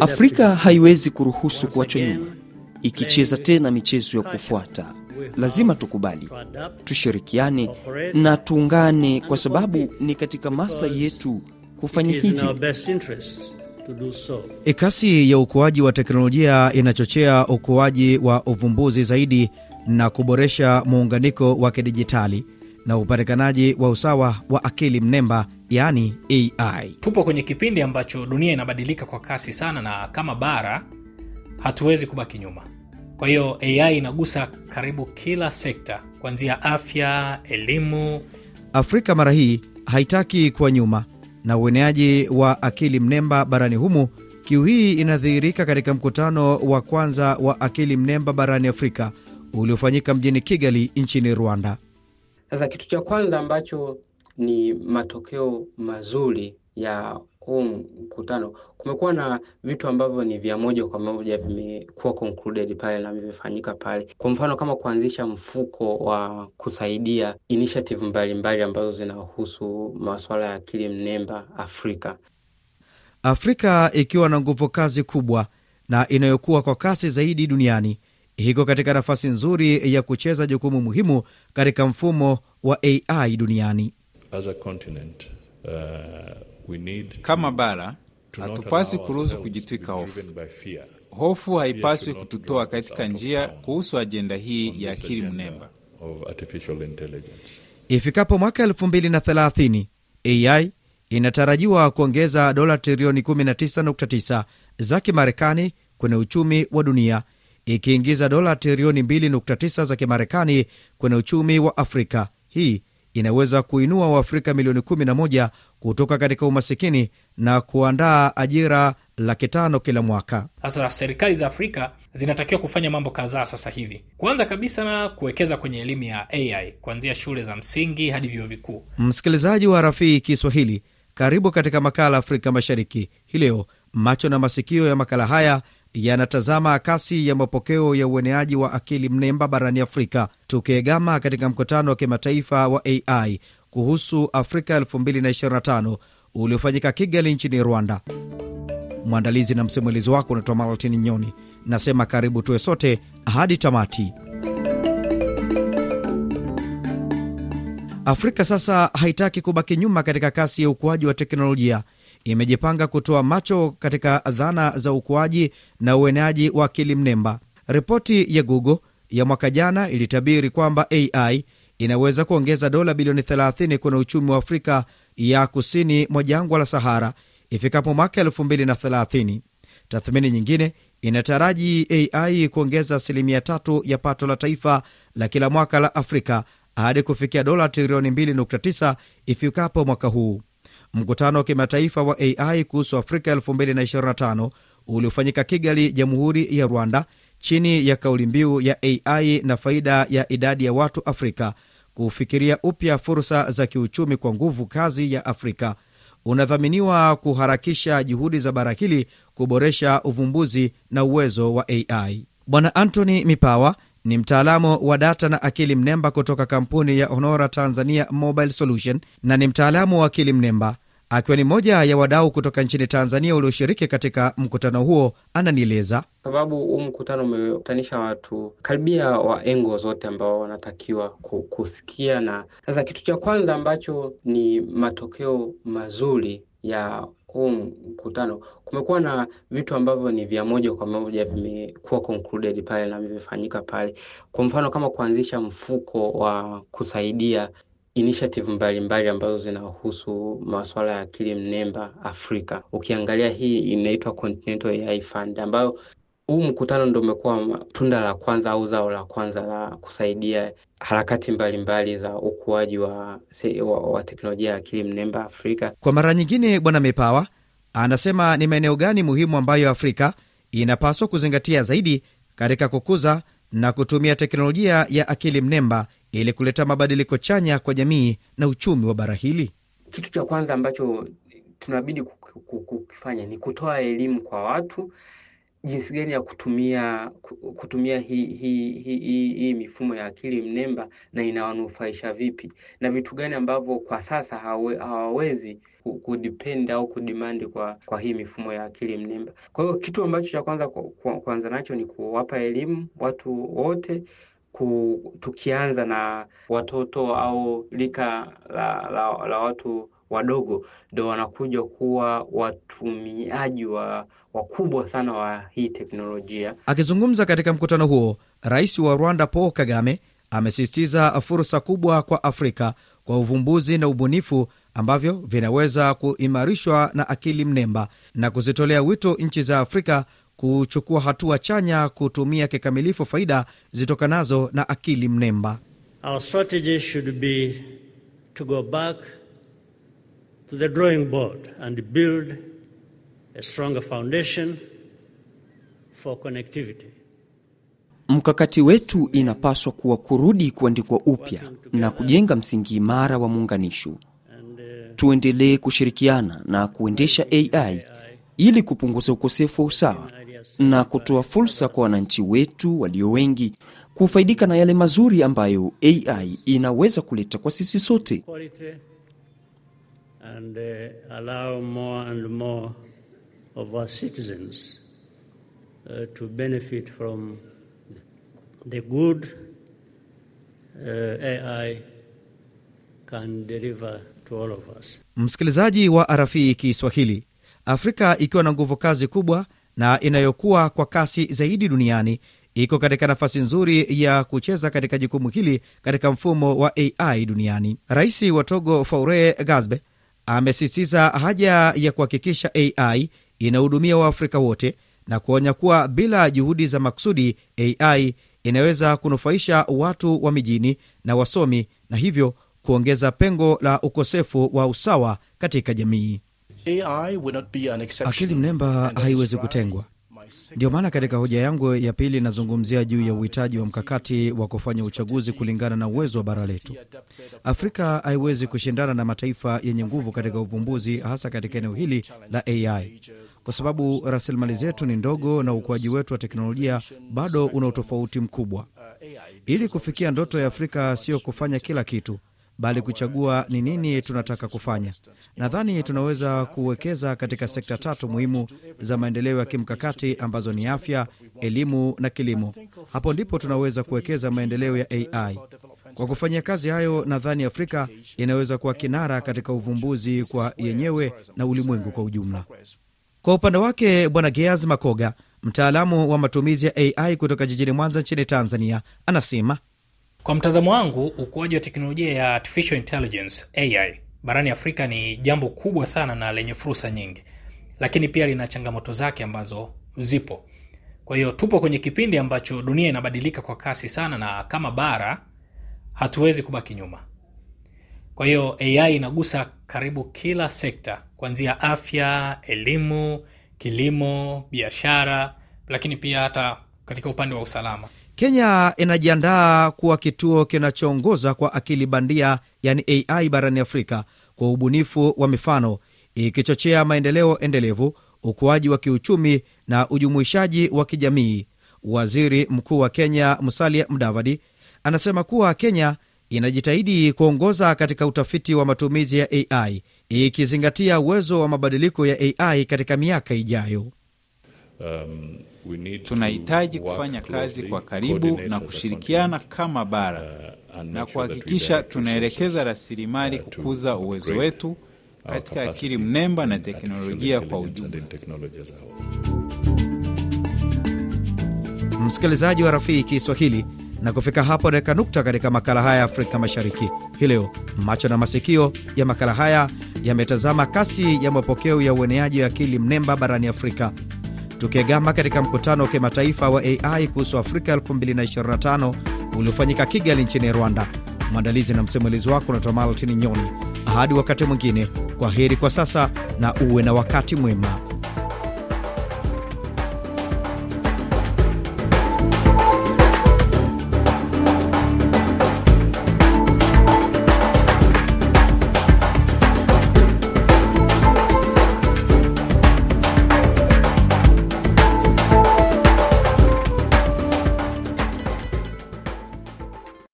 Afrika haiwezi kuruhusu kuachwa nyuma ikicheza tena michezo ya kufuata. Lazima tukubali, tushirikiane na tuungane, kwa sababu ni katika maslahi yetu kufanya hivyo. Kasi ya ukuaji wa teknolojia inachochea ukuaji wa uvumbuzi zaidi na kuboresha muunganiko wa kidijitali na upatikanaji wa usawa wa akili mnemba yani AI. Tupo kwenye kipindi ambacho dunia inabadilika kwa kasi sana, na kama bara hatuwezi kubaki nyuma. Kwa hiyo AI inagusa karibu kila sekta, kuanzia afya, elimu. Afrika mara hii haitaki kuwa nyuma na ueneaji wa akili mnemba barani humu. Kiu hii inadhihirika katika mkutano wa kwanza wa akili mnemba barani Afrika uliofanyika mjini Kigali nchini Rwanda. Sasa kitu cha kwanza ambacho ni matokeo mazuri ya huu mkutano, kumekuwa na vitu ambavyo ni vya moja kwa moja vimekuwa concluded pale na vimefanyika pale. Kwa mfano kama kuanzisha mfuko wa kusaidia initiative mbalimbali ambazo zinahusu masuala ya akili mnemba Afrika, Afrika ikiwa na nguvu kazi kubwa na inayokuwa kwa kasi zaidi duniani iko katika nafasi nzuri ya kucheza jukumu muhimu katika mfumo wa AI duniani. As a uh, kama bara hatupaswi kuruhusu kujitwika hofu. Hofu haipaswi kututoa katika njia kuhusu ajenda hii ya akili mnemba. Ifikapo mwaka 230 AI inatarajiwa kuongeza dola trilioni 19.9 za Kimarekani kwenye uchumi wa dunia ikiingiza dola trilioni 2.9 za Kimarekani kwenye uchumi wa Afrika. Hii inaweza kuinua Waafrika milioni 11 kutoka katika umasikini na kuandaa ajira laki tano kila mwaka. Sasa serikali za Afrika zinatakiwa kufanya mambo kadhaa sasa hivi. Kwanza kabisa na kuwekeza kwenye elimu ya AI kuanzia shule za msingi hadi vyuo vikuu. Msikilizaji wa Rafii Kiswahili, karibu katika makala Afrika Mashariki hii leo. Macho na masikio ya makala haya yanatazama kasi ya mapokeo ya ueneaji wa akili mnemba barani Afrika, tukiegama katika mkutano wa kimataifa wa AI kuhusu Afrika 2025 uliofanyika Kigali nchini Rwanda. Mwandalizi na msimulizi wako unaitwa Martin Nyoni. Nasema karibu tuwe sote hadi tamati. Afrika sasa haitaki kubaki nyuma katika kasi ya ukuaji wa teknolojia imejipanga kutoa macho katika dhana za ukuaji na ueneaji wa akili mnemba. Ripoti ya Google ya mwaka jana ilitabiri kwamba AI inaweza kuongeza dola bilioni 30 kwenye uchumi wa Afrika ya kusini mwa jangwa la Sahara ifikapo mwaka 2030. Tathmini nyingine inataraji AI kuongeza asilimia tatu ya pato la taifa la kila mwaka la Afrika hadi kufikia dola trilioni 2.9 ifikapo mwaka huu. Mkutano wa kimataifa wa AI kuhusu Afrika 225 uliofanyika Kigali, Jamhuri ya Rwanda, chini ya kauli mbiu ya AI na faida ya idadi ya watu Afrika, kufikiria upya fursa za kiuchumi kwa nguvu kazi ya Afrika, unadhaminiwa kuharakisha juhudi za bara hili kuboresha uvumbuzi na uwezo wa AI. Bwana antony Mipawa ni mtaalamu wa data na akili mnemba kutoka kampuni ya Honora Tanzania Mobile Solution na ni mtaalamu wa akili mnemba akiwa ni moja ya wadau kutoka nchini Tanzania walioshiriki katika mkutano huo, ananieleza sababu huu mkutano umekutanisha watu karibia wa engo zote ambao wanatakiwa kusikia. Na sasa kitu cha kwanza ambacho ni matokeo mazuri ya huu mkutano, kumekuwa na vitu ambavyo ni vya moja kwa moja vimekuwa concluded pale na vimefanyika pale, kwa mfano kama kuanzisha mfuko wa kusaidia initiative mbalimbali ambazo zinahusu masuala ya akili mnemba Afrika. Ukiangalia hii inaitwa Continental AI Fund ambayo huu mkutano ndio umekuwa tunda la kwanza au zao la kwanza la kusaidia harakati mbalimbali mbali za ukuaji wa, wa, wa teknolojia ya akili mnemba Afrika. Kwa mara nyingine, Bwana Mepawa anasema ni maeneo gani muhimu ambayo Afrika inapaswa kuzingatia zaidi katika kukuza na kutumia teknolojia ya akili mnemba ili kuleta mabadiliko chanya kwa jamii na uchumi wa bara hili? Kitu cha kwanza ambacho tunabidi kukifanya ni kutoa elimu kwa watu jinsi gani ya kutumia kutumia hii hi, hi, hi, hi mifumo ya akili mnemba na inawanufaisha vipi, na vitu gani ambavyo kwa sasa hawe, hawawezi kudepend au kudimandi kwa, kwa hii mifumo ya akili mnemba. Kwa hiyo kitu ambacho cha kwanza kuanza nacho ni kuwapa elimu watu wote ku, tukianza na watoto au lika la, la, la watu wadogo ndo wanakuja kuwa watumiaji wa wakubwa sana wa hii teknolojia. Akizungumza katika mkutano huo, rais wa Rwanda Paul Kagame amesisitiza fursa kubwa kwa Afrika kwa uvumbuzi na ubunifu ambavyo vinaweza kuimarishwa na akili mnemba na kuzitolea wito nchi za Afrika kuchukua hatua chanya kutumia kikamilifu faida zitokanazo na akili mnemba. Our strategy should be to go back to the drawing board and build a stronger foundation for connectivity. Mkakati wetu inapaswa kuwa kurudi kuandikwa upya na kujenga msingi imara wa muunganisho. Uh, Tuendelee kushirikiana na kuendesha AI ili kupunguza ukosefu wa usawa na kutoa fursa kwa wananchi wetu walio wengi kufaidika na yale mazuri ambayo AI inaweza kuleta kwa sisi sote. And, uh, allow more and more of our citizens uh, to benefit from the good uh, AI can deliver to all of us. Msikilizaji wa rafi Kiswahili, Afrika ikiwa na nguvu kazi kubwa na inayokuwa kwa kasi zaidi duniani iko katika nafasi nzuri ya kucheza katika jukumu hili katika mfumo wa AI duniani. Rais wa Togo Faure Gasbe amesisitiza haja ya kuhakikisha AI inahudumia Waafrika wote na kuonya kuwa bila juhudi za maksudi AI inaweza kunufaisha watu wa mijini na wasomi na hivyo kuongeza pengo la ukosefu wa usawa katika jamii. Akili mnemba haiwezi kutengwa. Ndiyo maana katika hoja yangu ya pili inazungumzia juu ya uhitaji wa mkakati wa kufanya uchaguzi kulingana na uwezo wa bara letu. Afrika haiwezi kushindana na mataifa yenye nguvu katika uvumbuzi, hasa katika eneo hili la AI, kwa sababu rasilimali zetu ni ndogo na ukuaji wetu wa teknolojia bado una utofauti mkubwa. Uh, Ili kufikia ndoto ya Afrika, sio kufanya kila kitu bali kuchagua ni nini tunataka kufanya. Nadhani tunaweza kuwekeza katika sekta tatu muhimu za maendeleo ya kimkakati ambazo ni afya, elimu na kilimo. Hapo ndipo tunaweza kuwekeza maendeleo ya AI. Kwa kufanya kazi hayo, nadhani Afrika inaweza kuwa kinara katika uvumbuzi kwa yenyewe na ulimwengu kwa ujumla. Kwa upande wake, Bwana geas Makoga, mtaalamu wa matumizi ya AI kutoka jijini Mwanza nchini Tanzania, anasema kwa mtazamo wangu, ukuaji wa teknolojia ya artificial intelligence AI barani Afrika ni jambo kubwa sana na lenye fursa nyingi, lakini pia lina changamoto zake ambazo zipo. Kwa hiyo tupo kwenye kipindi ambacho dunia inabadilika kwa kasi sana, na kama bara hatuwezi kubaki nyuma. Kwa hiyo AI inagusa karibu kila sekta, kuanzia afya, elimu, kilimo, biashara, lakini pia hata katika upande wa usalama. Kenya inajiandaa kuwa kituo kinachoongoza kwa akili bandia, yani AI, barani Afrika kwa ubunifu wa mifano, ikichochea maendeleo endelevu, ukuaji wa kiuchumi na ujumuishaji wa kijamii. Waziri Mkuu wa Kenya Musalia Mudavadi anasema kuwa Kenya inajitahidi kuongoza katika utafiti wa matumizi ya AI ikizingatia uwezo wa mabadiliko ya AI katika miaka ijayo. Um, tunahitaji kufanya kazi kwa karibu na kushirikiana kama bara uh, na kuhakikisha tunaelekeza rasilimali uh, kukuza uwezo wetu katika akili mnemba na teknolojia kwa ujumla. Msikilizaji wa Rafiki Kiswahili, na kufika hapo naweka nukta katika makala haya ya Afrika Mashariki hii leo. Macho na masikio ya makala haya yametazama kasi ya mapokeo ya ueneaji wa akili mnemba barani Afrika tukiegama katika mkutano wa kimataifa wa AI kuhusu Afrika 2025 uliofanyika Kigali nchini Rwanda. Mwandalizi na msimulizi wako unaitwa Maltini Nyoni. Hadi wakati mwingine, kwa heri kwa sasa na uwe na wakati mwema.